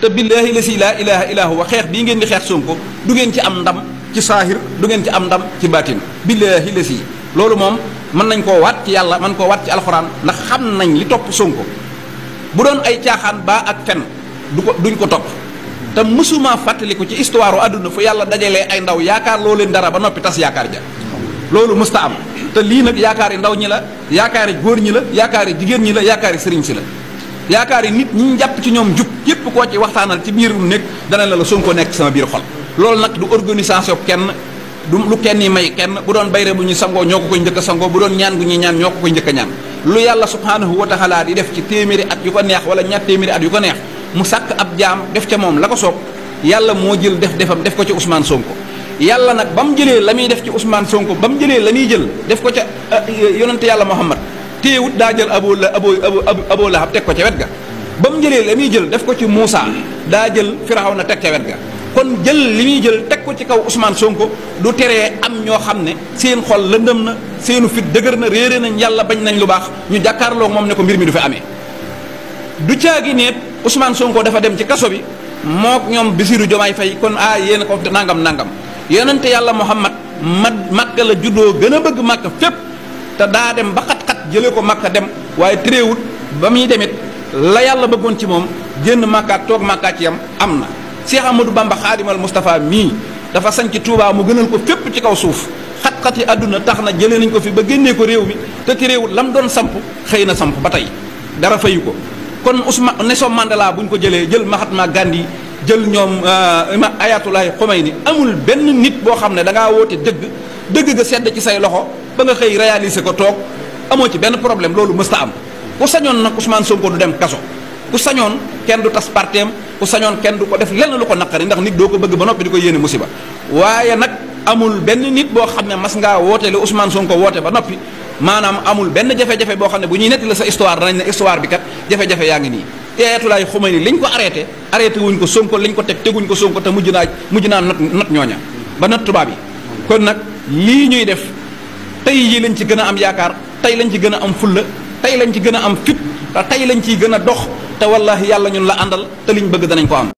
te billaahi la si laa ilaha illa huwa xeex bii ngeen di xeex Sonko du ngeen ci am ndam ci saahir du ngeen ci am ndam ci baatin billaahi la si loolu moom mën nañ koo waat ci yàlla mën koo waat ci alxuraan ndax xam nañ li topp Sonko bu doon ay caaxaan baa ak fen du ko duñ ko topp te mësuma fàttaliku ci histoire u àdduna fu yàlla dajalee ay ndaw yaakaar loo leen dara ba noppi tas yaakaar ja loolu mësta am te lii nag yaakaari ndaw ñi la yaakaari góor ñi la yaakaari jigéen ñi la yaakaari sëriñ si la yaakaar yi nit ñi jàpp ci ñoom jub yépp koo ci waxtaanal ci biir nekk dana la la Sonko nekk sama biir xol loolu nag du organisation kenn du lu kenn may kenn bu doon bayre bu ñu sangoo ñoo ko koy njëkk sangoo bu doon ñaan gu ñuy ñaan ñoo ko koy njëkk a ñaan lu yàlla subhaanahu wa taala di def ci téeméeri at yu ko neex wala ñaar téeméeri at yu ko neex mu sàkk ab jaam def ca moom la ko soob yàlla moo jël def defam def ko ci Ousmane Sonko yàlla nag ba mu jëlee la muy def ci Ousmane Sonko ba mu jëlee la muy jël def ko ca euh, yonante yàlla Muhammad téewut daa jël abo la abo abo lahab teg ko ca wet ga ba mu jëlee la muy jël def ko ci Moussa daa jël firaw na teg ca wet ga kon jël li muy jël teg ko ci kaw Ousmane Sonko du teree am ñoo xam ne seen xol lëndëm na seenu fit dëgër na réere nañ yàlla bañ nañ lu baax ñu jàkkaarloo moom ne ko mbir mi du fi amee du caagi neet usmaan Sonko dafa dem ci kaso bi moo ñoom Bisiru Jomaay Fay kon ah yéen ko nangam nangam yonente yàlla Muhammad mat Makka la juddoo gën a bëgg Makka jëlee ko makka dem waaye tëréewut ba muy demit la yàlla bëggoon ci moom génn màkkaat toog màkkaat ci yam am na Cheikh Amadou Bamba xaadimal Moustapha mii dafa sañ ci Touba mu gënal ko fépp ci kaw suuf xat-xati àdduna tax na jëlee nañ ko fi ba génnee ko réew mi te tëréewut lam doon samp xëy na samp ba tey dara fayu ko kon Ousmane Nelson Mandela bu ñu ko jëlee jël Mahatma Gandhi jël ñoom euh, ayatulaay ni amul benn nit boo xam ne da ngaa woote dëgg dëgg ga sedd ci say loxo ba nga xëy réaliser ko toog amoon ci benn problème loolu mësta am ku sañoon nag Ousmane Sonko du dem kaso ku sañoon kenn du tas parteem ku sañoon kenn du ko def lenn lu ko naqari ndax nit doo ko bëgg ba noppi di ko yéene musiba waaye nag amul benn nit boo xam ne mas ngaa woote lu Ousmane ko woote ba noppi maanaam amul benn jafe-jafe boo xam ne bu ñuy netti la sa histoire danañ ne histoire bi kat jafe-jafe yaa ngi nii teetulaay xumay ni liñ ko arrêté arrêté wuñ ko Sonko liñ ko teg teguñ ko Sonko te mujj naa mujj naa not not ñooña ba not tubaab yi kon nag lii ñuy def tey yi lañ ci gën a am yaakaar tey lañu ci gën a am fulla tey lañ ci gën a am fit te tey lañ ciy gën a dox te wallahi yàlla ñun la àndal te liñ bëgg danañ ko am